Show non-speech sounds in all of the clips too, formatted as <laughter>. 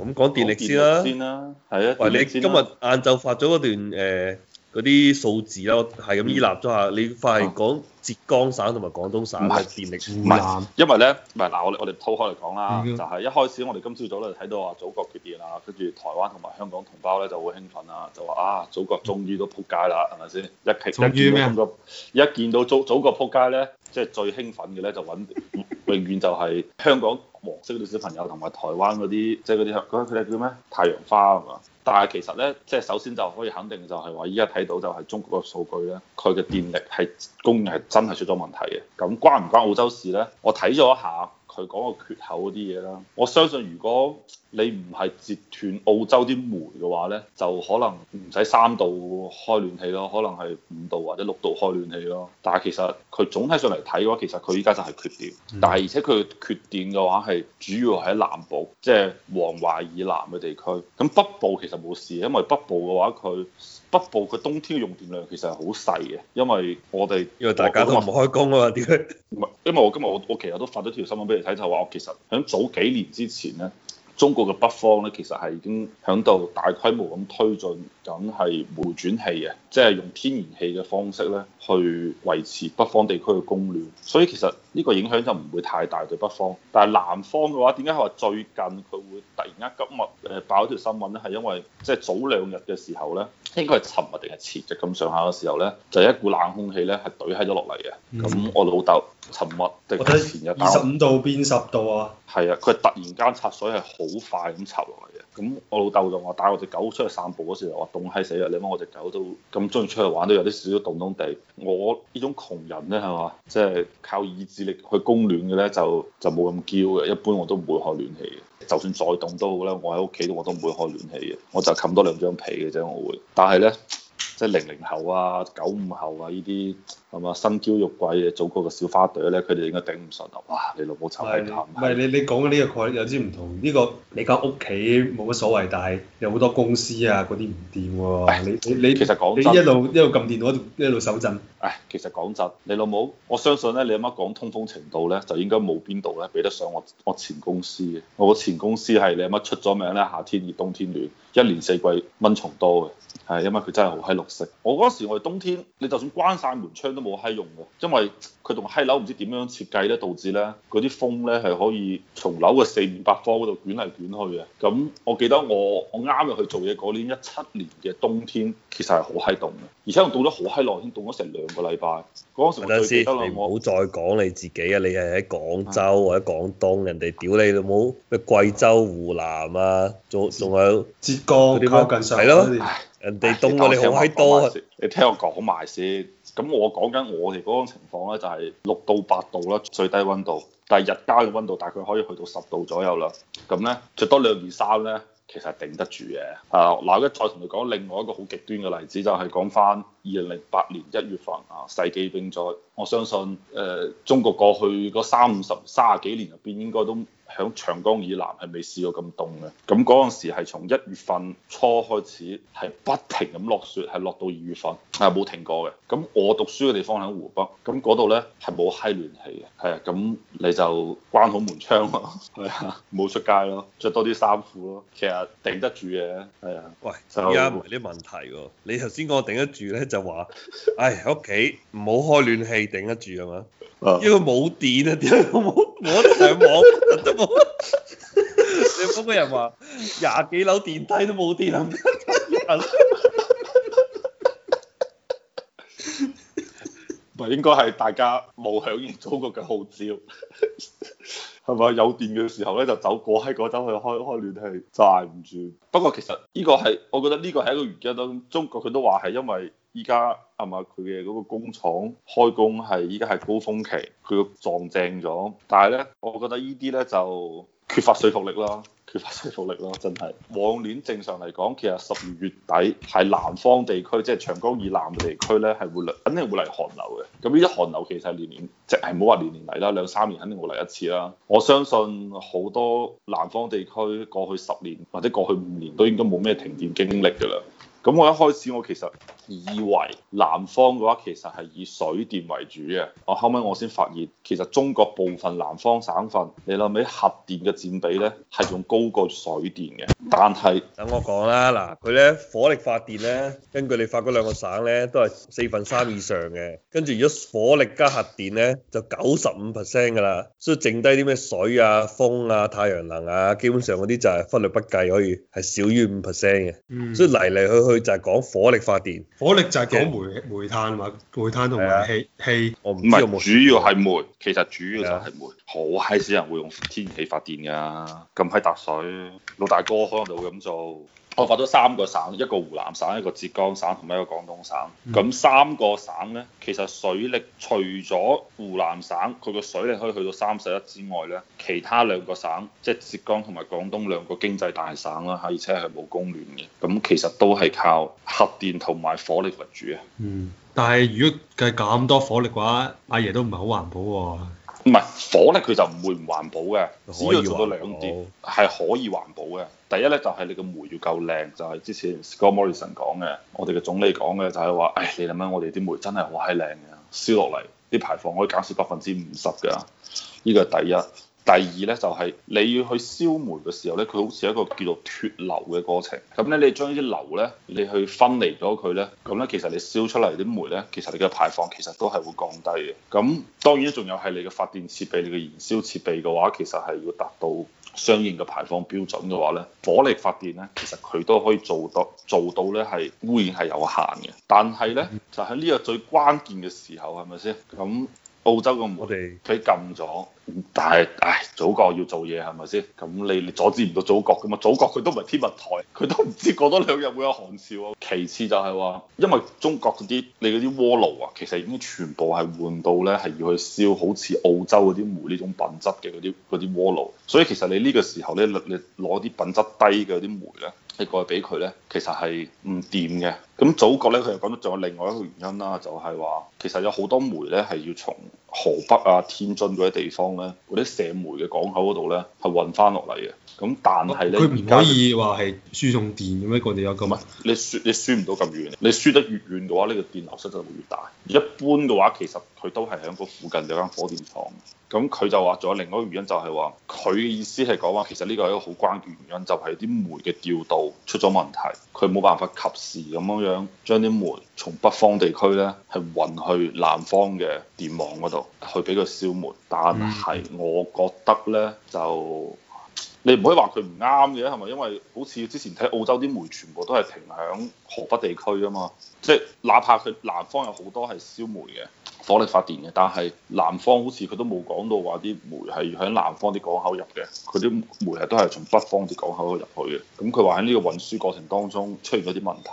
咁講電力先啦，係啊，啊喂，啊、你今日晏晝發咗嗰段誒嗰啲數字啦，係咁依立咗下，你快講浙江省同埋廣東省唔係、啊、力負是是因為咧，唔係嗱，我我哋鋪開嚟講啦，嗯、哼就係一開始我哋今朝早咧睇到話祖國缺電啊，跟住台灣同埋香港同胞咧就好興奮啊，就話啊祖國終於都撲街啦，係咪先？一見一見到咁一見到祖國見到祖，祖國撲街咧，即係最興奮嘅咧就揾永遠就係香港。 <laughs> 黃色嗰啲小朋友同埋台灣嗰啲，即係嗰啲佢哋叫咩？太陽花係嘛？但係其實咧，即係首先就可以肯定就，就係話依家睇到就係中國嘅數據咧，佢嘅電力係供應係真係出咗問題嘅。咁關唔關澳洲事咧？我睇咗一下。佢講個缺口嗰啲嘢啦，我相信如果你唔係截斷澳洲啲煤嘅話呢就可能唔使三度開暖氣咯，可能係五度或者六度開暖氣咯。但係其實佢總體上嚟睇嘅話，其實佢依家就係缺電，但係而且佢缺電嘅話係主要喺南部，即係黃淮以南嘅地區。咁北部其實冇事，因為北部嘅話佢北部佢冬天用電量其實係好細嘅，因為我哋因為大家都話冇開工啊嘛，點解？因為我今日我我其實都發咗條新聞俾。睇就話，其實喺早幾年之前咧，中國嘅北方咧，其實係已經喺度大規模咁推進緊係煤轉氣嘅，即、就、係、是、用天然氣嘅方式咧去維持北方地區嘅供暖，所以其實。呢個影響就唔會太大對北方，但係南方嘅話，點解話最近佢會突然間今日誒爆咗條新聞咧？係因為即係早兩日嘅時候咧，應該係尋日定係前日咁上下嘅時候咧，就有、是、一股冷空氣咧係懟喺咗落嚟嘅。咁、嗯、我老豆尋日定前日二十五度變十度啊！係啊，佢突然間插水係好快咁插落嚟。咁我老豆就話帶我隻狗出去散步嗰時候，我話凍閪死啦！你問我隻狗都咁中意出去玩，都有啲少少凍凍地。我呢種窮人呢，係嘛，即係靠意志力去供暖嘅呢，就就冇咁嬌嘅。一般我都唔會開暖氣嘅，就算再凍都好啦。我喺屋企我都唔會開暖氣嘅，我就冚多兩張被嘅啫。我會，但係呢。即係零零後啊、九五後啊呢啲，係嘛，身嬌肉貴嘅祖國嘅小花朵咧，佢哋應該頂唔順啊！哇，你老母臭閪慘！唔係，的的你你講嘅呢個概念有啲唔同，呢、呢個你間屋企冇乜所謂，但係有好多公司啊嗰啲唔掂喎。你你其實講你一路一路撳電腦，我一路手震。唉，其實講真，你老母，我相信咧，你阿媽講通風程度咧，就應該冇邊度咧比得上我我前公司嘅。我前公司係你阿媽，媽出咗名咧，夏天熱，冬天暖。一年四季蚊蟲多嘅，係、哎、因為佢真係好閪綠色。我嗰時我哋冬天，你就算關晒門窗都冇閪用嘅，因為佢同閪樓唔知點樣設計咧，導致咧嗰啲風咧係可以從樓嘅四面八方嗰度捲嚟捲去嘅。咁、嗯、我記得我我啱入去做嘢嗰、那個、年一七年嘅冬天，其實係好閪凍嘅，而且我凍咗好閪耐添，凍咗成兩個禮拜。嗰陣時我記得等等我唔好再講你自己你啊！你係喺廣州或者廣東，人哋屌你你冇咩貴州、湖南啊，仲仲有。降佢近十，咯光，的人哋凍、啊、唉我哋好閪多。你聽我講埋先，咁我講緊我哋嗰種情況咧，就係六到八度啦，最低溫度，但日間嘅溫度大概可以去到十度左右啦。咁咧着多兩件衫咧，其實係頂得住嘅。啊，嗱，我再同你講另外一個好極端嘅例子，就係、是、講翻二零零八年一月份啊，世紀冰災。我相信誒、呃，中國過去嗰三十、卅幾年入邊應該都。響長江以南係未試過咁凍嘅，咁嗰陣時係從一月份初開始係不停咁落雪，係落到二月份。係冇停過嘅，咁我讀書嘅地方喺湖北，咁嗰度咧係冇閪暖氣嘅，係啊，咁你就關好門窗，係啊，冇出街咯，着多啲衫褲咯，其實頂得住嘅，係啊，喂，依家唔係呢啲問題喎，你頭先講頂得住咧，就、哎、話，唉，喺屋企唔好開暖氣，頂得住係嘛？啊、因為冇電啊，點解我冇冇得上網都冇？ <laughs> <laughs> <laughs> 你嗰個人話廿幾樓電梯都冇電，啊。」 <laughs> 唔係應該係大家冇響應中國嘅號召，係 <laughs> 咪有電嘅時候咧就走過喺嗰陣去開開暖氣，就捱唔住。不過其實呢個係我覺得呢個係一個原因咯。中國佢都話係因為依家係咪佢嘅嗰個工廠開工係依家係高峰期，佢撞正咗。但係咧，我覺得呢啲咧就。缺乏說服力啦，缺乏說服力咯，真係。往年正常嚟講，其實十二月底係南方地區，即係長江以南地區咧，係會嚟，肯定會嚟寒流嘅。咁呢啲寒流其實年年，即係唔好話年年嚟啦，兩三年肯定會嚟一次啦。我相信好多南方地區過去十年或者過去五年都應該冇咩停電經歷㗎啦。咁我一開始我其實以為南方嘅話其實係以水電為主嘅，後我後尾我先發現其實中國部分南方省份，你諗起核電嘅佔比咧係仲高過水電嘅。但係等我講啦，嗱佢咧火力發電咧，根據你發嗰兩個省咧都係四分三以上嘅，跟住如果火力加核電咧就九十五 percent 㗎啦，所以剩低啲咩水啊風啊太陽能啊，基本上嗰啲就係忽略不計可以係少於五 percent 嘅，所以嚟嚟去去。佢就係講火力發電，火力就係講煤的煤炭啊嘛，煤炭同埋氣，氣的我唔係主要係煤，的其實主要就係煤。好閪少人會用天然氣發電噶，咁嗨揼水，老大哥可能就會咁做。我發咗三個省，一個湖南省，一個浙江省，同埋一個廣東省。咁三個省呢，其實水力除咗湖南省佢個水力可以去到三十一之外呢，其他兩個省即係浙江同埋廣東兩個經濟大省啦，而且係冇供暖嘅。咁其實都係靠核電同埋火力為主啊。嗯，但係如果計咁多火力嘅話，阿爺都唔係好環保喎。唔係火咧，佢就唔會唔環保嘅。保只要做到兩點，係可以環保嘅。第一咧就係、是、你個煤要夠靚，就係、是、之前 Scott Morrison 講嘅，我哋嘅總理講嘅就係話，誒你諗下，我哋啲煤真係好閪靚嘅，燒落嚟啲排放可以減少百分之五十㗎。呢個係第一。第二咧就係你要去燒煤嘅時候咧，佢好似一個叫做脫硫嘅過程。咁咧，你將啲硫咧，你去分離咗佢咧，咁咧，其實你燒出嚟啲煤咧，其實你嘅排放其實都係會降低嘅。咁當然，仲有係你嘅發電設備、你嘅燃燒設備嘅話，其實係要達到相應嘅排放標準嘅話咧，火力發電咧，其實佢都可以做到做到咧，係污染係有限嘅。但係咧，就喺呢個最關鍵嘅時候，係咪先？咁澳洲嘅煤俾禁咗，但係唉，祖國要做嘢係咪先？咁你你阻止唔到祖國噶嘛？祖國佢都唔係天文台，佢都唔知過多兩日會有寒潮。其次就係話，因為中國嗰啲你嗰啲鍋爐啊，其實已經全部係換到咧，係要去燒好似澳洲嗰啲煤呢種品質嘅嗰啲嗰啲鍋爐。所以其實你呢個時候咧，你攞啲品質低嘅啲煤咧。提供俾佢咧，其實係唔掂嘅。咁祖國咧，佢又講到仲有另外一個原因啦，就係話其實有好多煤咧係要從河北啊、天津嗰啲地方咧，嗰啲卸煤嘅港口嗰度咧係運翻落嚟嘅。咁但係咧，佢唔可以話係輸送電嘅咩？我哋有咁啊？你輸你輸唔到咁遠，你輸得越遠嘅話，呢個電流失就會越大。一般嘅話，其實佢都係喺個附近有間火電廠。咁佢就話咗另外一個原因就係話，佢嘅意思係講話，其實呢個係一個好關鍵原因，就係啲煤嘅調度出咗問題，佢冇辦法及時咁樣樣將啲煤從北方地區呢係運去南方嘅電網嗰度去俾佢燒煤。但係我覺得呢，就，你唔可以話佢唔啱嘅係咪？因為好似之前睇澳洲啲煤全部都係停喺河北地區啊嘛，即係哪怕佢南方有好多係燒煤嘅。攞嚟發電嘅，但係南方好似佢都冇講到話啲煤係喺南方啲港口入嘅，佢啲煤係都係從北方啲港口入去嘅。咁佢話喺呢個運輸過程當中出現咗啲問題，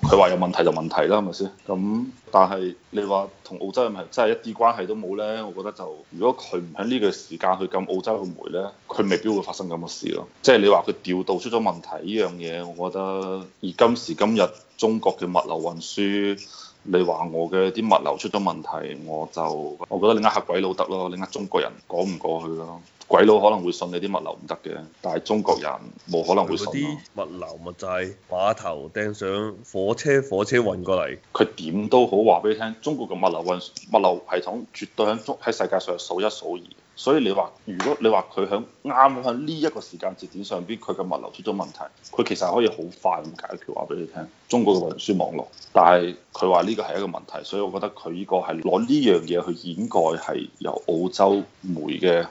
佢、嗯、話有問題就問題啦，係咪先？咁但係你話同澳洲係真係一啲關係都冇呢，我覺得就如果佢唔喺呢個時間去禁澳洲嘅煤呢，佢未必會發生咁嘅事咯。即係你話佢調度出咗問題呢樣嘢，我覺得而今時今日中國嘅物流運輸。你話我嘅啲物流出咗問題，我就我覺得你呃下鬼佬得咯，你呃中國人講唔過去咯，鬼佬可能會信你啲物流唔得嘅，但係中國人冇可能會信，啲物流物資碼頭掟上火車，火車運過嚟，佢點都好話俾你聽，中國嘅物流運物流系統絕對喺中喺世界上數一數二。所以你話，如果你話佢喺啱喺呢一個時間節點上邊，佢嘅物流出咗問題，佢其實可以好快咁解決話俾你聽，中國嘅運輸網絡。但係佢話呢個係一個問題，所以我覺得佢呢個係攞呢樣嘢去掩蓋，係由澳洲煤嘅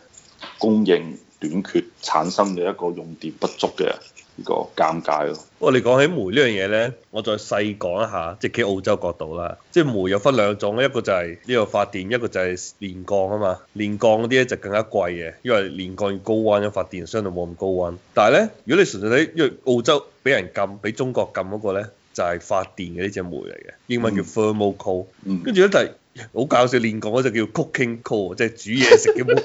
供應短缺產生嘅一個用電不足嘅。個尷尬咯。我你講起煤呢樣嘢咧，我再細講一下，即係喺澳洲角度啦。即係煤有分兩種，一個就係呢個發電，一個就係煉鋼啊嘛。煉鋼嗰啲咧就更加貴嘅，因為煉鋼要高溫，發電相對冇咁高溫。但係咧，如果你純粹睇，因為澳洲俾人禁，俾中國禁嗰個咧，就係發電嘅呢隻煤嚟嘅，英文叫 thermal coal。跟住咧就係好搞笑，煉鋼嗰隻叫 cooking coal，即係煮嘢食嘅煤。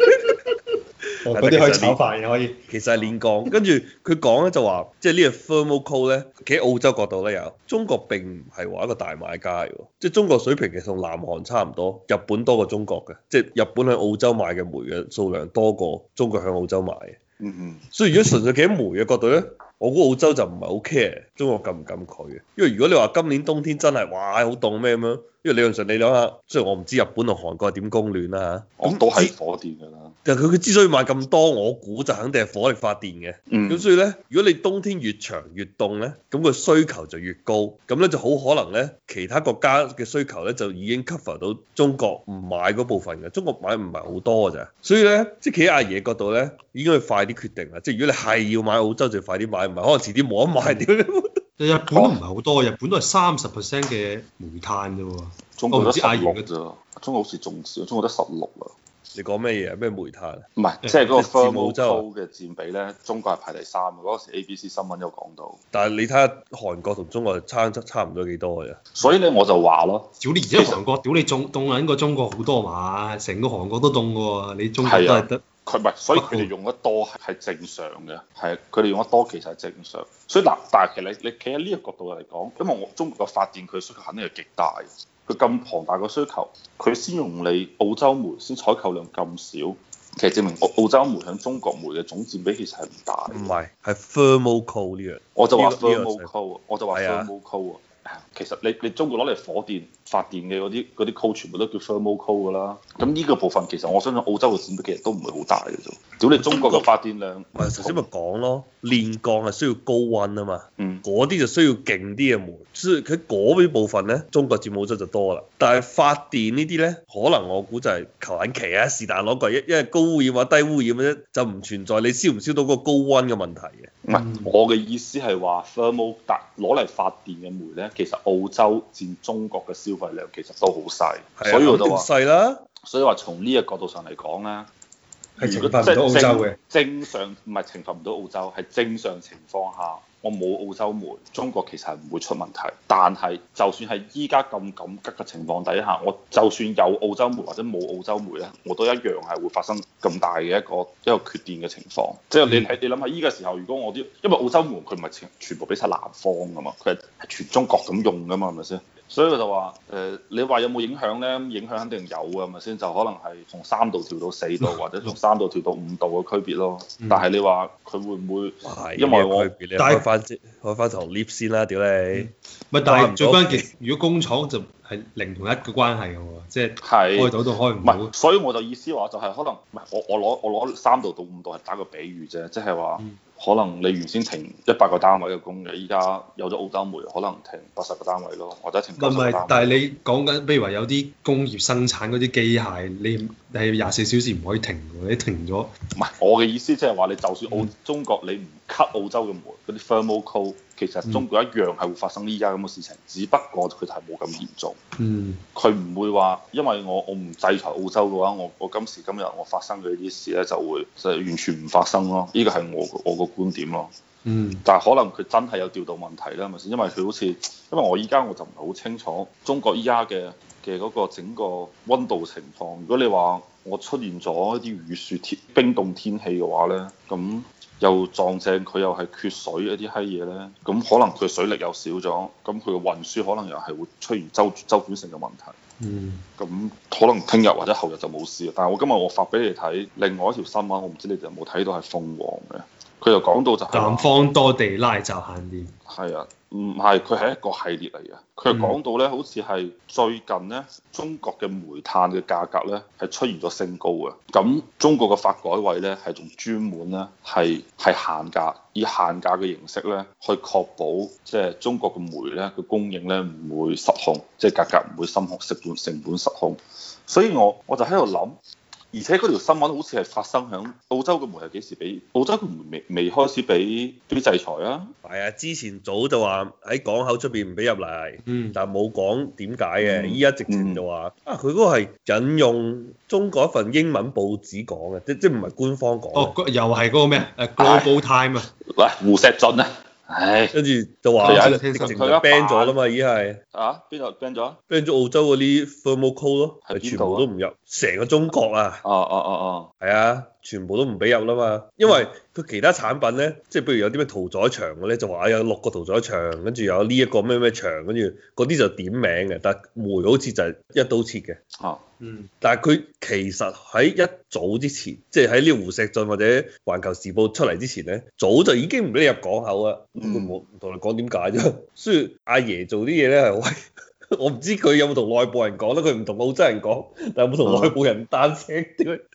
嗰啲可以炒飯嘅可以，其實係練鋼。跟住佢講咧就話、是，即係呢個 thermal coal 咧，企喺澳洲角度咧有中國並唔係話一個大買家喎。即、就、係、是、中國水平其實同南韓差唔多，日本多過中國嘅。即、就、係、是、日本喺澳洲買嘅煤嘅數量多過中國喺澳洲買嘅。嗯嗯。所以如果純粹企喺煤嘅角度咧，我估澳洲就唔係好 care 中國敢唔敢佢嘅，因為如果你話今年冬天真係哇好凍咩咁樣。因為理論上你諗下，雖然我唔知日本同韓國係點供暖啦，咁都係火電噶啦。但係佢佢之所以買咁多，我估就肯定係火力發電嘅。咁、嗯、所以咧，如果你冬天越長越凍咧，咁個需求就越高，咁咧就好可能咧，其他國家嘅需求咧就已經 cover 到中國唔買嗰部分嘅。中國買唔係好多嘅咋？所以咧，即係企喺阿爺角度咧，已經可以快啲決定啦。即係如果你係要買澳洲，就快啲買，唔係可能遲啲冇得買點。嗯 <laughs> 日本都唔係好多，日本都係三十 percent 嘅煤炭啫喎。中國唔知阿爺嘅啫。中國好似仲少，中國得十六啊。你講咩嘢？咩煤炭？唔係，即係嗰個 thermal coal 嘅佔比咧，中國係排第三。嗰時 ABC 新聞有講到。但係你睇下韓國同中國差差唔多幾多嘅。所以咧，我就話咯，屌你，而家韓國，屌你仲凍緊過中國好多嘛？成個韓國都凍嘅喎，你中國都係得。佢唔係，所以佢哋用得多係正常嘅，係佢哋用得多其實係正常。所以嗱，但係其實你你企喺呢個角度嚟講，因為我中國嘅發電，佢需求肯定係極大。佢咁龐大嘅需求，佢先用你澳洲煤先採購量咁少，其實證明澳澳洲煤喺中國煤嘅總佔比其實係唔大。唔係，係 thermal coal 呢樣，我就話 thermal coal，我就話 thermal coal。其實你你中國攞嚟火電發電嘅嗰啲嗰啲 coal 全部都叫 thermal coal 㗎啦，咁呢個部分其實我相信澳洲嘅佔比其實都唔係好大嘅啫。屌你中國嘅發電量唔係頭先咪講咯，煉鋼係需要高温啊嘛，嗰啲就需要勁啲嘅煤，所以佢嗰邊部分咧，中國佔冇咗就多啦。但係發電呢啲咧，可能我估就係求眼期啊，是但攞㗎，一個因為高污染或、啊、低污染嘅啫，就唔存在你燒唔燒到嗰個高温嘅問題嘅。唔係我嘅意思係話 thermal 攞嚟發電嘅煤咧。其實澳洲佔中國嘅消費量其實都好細，的所以我就話，所以話從呢個角度上嚟講咧，係懲罰唔到澳洲嘅，如果正常，唔係懲罰唔到澳洲，係正常情況下。我冇澳洲煤，中國其實係唔會出問題。但係，就算係依家咁緊急嘅情況底下，我就算有澳洲煤或者冇澳洲煤咧，我都一樣係會發生咁大嘅一個一個缺電嘅情況。即係你睇你諗下，依個時候如果我啲，因為澳洲煤佢唔係全全部俾晒南方㗎嘛，佢係全中國咁用㗎嘛，係咪先？所以佢就話，誒、呃，你話有冇影響咧？影響肯定有㗎，係咪先？就可能係從三度調到四度，嗯、或者從三度調到五度嘅區別咯。嗯、但係你話佢會唔會？係哇因為我，但係是開翻先，開翻台 lift 先啦，屌你、嗯！咪但係最關鍵，如果工廠就係零同一嘅關係嘅喎，即、就、係、是、是開到都開唔到。所以我就意思話，就係可能，唔係我我攞我攞三度到五度係打個比喻啫，即係話。嗯可能你原先停一百個單位嘅工嘅，依家有咗澳洲煤，可能停八十個單位咯，我覺得停唔係，但係你講緊，比如話有啲工業生產嗰啲機械，你你廿四小時唔可以停嘅，你停咗。唔係我嘅意思，即係話你就算澳 <laughs> 中國你唔。c 澳洲嘅煤嗰啲 thermal coal，其實中國一樣係會發生依家咁嘅事情，嗯、只不過佢就係冇咁嚴重。嗯。佢唔會話，因為我我唔制裁澳洲嘅話，我我今時今日我發生嘅呢啲事咧就會就係、是、完全唔發生咯。呢個係我我個觀點咯。嗯。但係可能佢真係有調度問題啦，咪先？因為佢好似因為我依家我就唔係好清楚中國依家嘅嘅嗰個整個溫度情況。如果你話我出現咗一啲雨雪冰凍天氣嘅話咧，咁。又撞正佢，又係缺水一啲閪嘢咧，咁可能佢水力又少咗，咁佢嘅運輸可能又係會出現周週轉性嘅問題。嗯，咁可能聽日或者後日就冇事啦。但係我今日我發俾你睇另外一條新聞，我唔知你哋有冇睇到，係鳳凰嘅。佢又講到就係南方多地拉閘限電，係啊，唔係，佢係一個系列嚟嘅。佢又講到咧，好似係最近咧，中國嘅煤炭嘅價格咧係出現咗升高嘅。咁中國嘅發改委咧係仲專門咧係係限價，以限價嘅形式咧去確保即係中國嘅煤咧嘅供應咧唔會失控，即係價格唔會失控，成本，成本失控。所以我我就喺度諗。而且嗰條新聞好似係發生喺澳洲嘅門，係幾時俾澳洲嘅門未未開始俾啲制裁啊？係啊，之前早就話喺港口出邊唔俾入嚟，嗯，但係冇講點解嘅。依家、嗯、直情就話、嗯、啊，佢嗰個係引用中國一份英文報紙講嘅，即即唔係官方講。哦，又係嗰個咩啊？Global Time、哎、啊，喂，胡錫進啊！唉，跟住、哎、就話疫情就 ban 咗啦嘛，已經係啊，邊度 ban 咗？ban 咗澳洲嗰啲 thermal coal 咯，係全部都唔入，成個中國啊！哦哦哦哦，係啊！啊啊啊啊全部都唔俾入啦嘛，因為佢其他產品咧，即係譬如有啲咩屠宰場嘅咧，就話有六個屠宰場，跟住有呢一個咩咩場，跟住嗰啲就點名嘅，但係煤好似就一刀切嘅。哦、啊，嗯。但係佢其實喺一早之前，即係喺呢個胡錫進或者環球時報出嚟之前咧，早就已經唔俾你入港口啊。嗯。佢冇同你講點解啫。雖然阿爺，爺做啲嘢咧係，我唔知佢有冇同內部人講啦，佢唔同澳洲人講，但係有冇同內部人單聲啲？嗯 <laughs>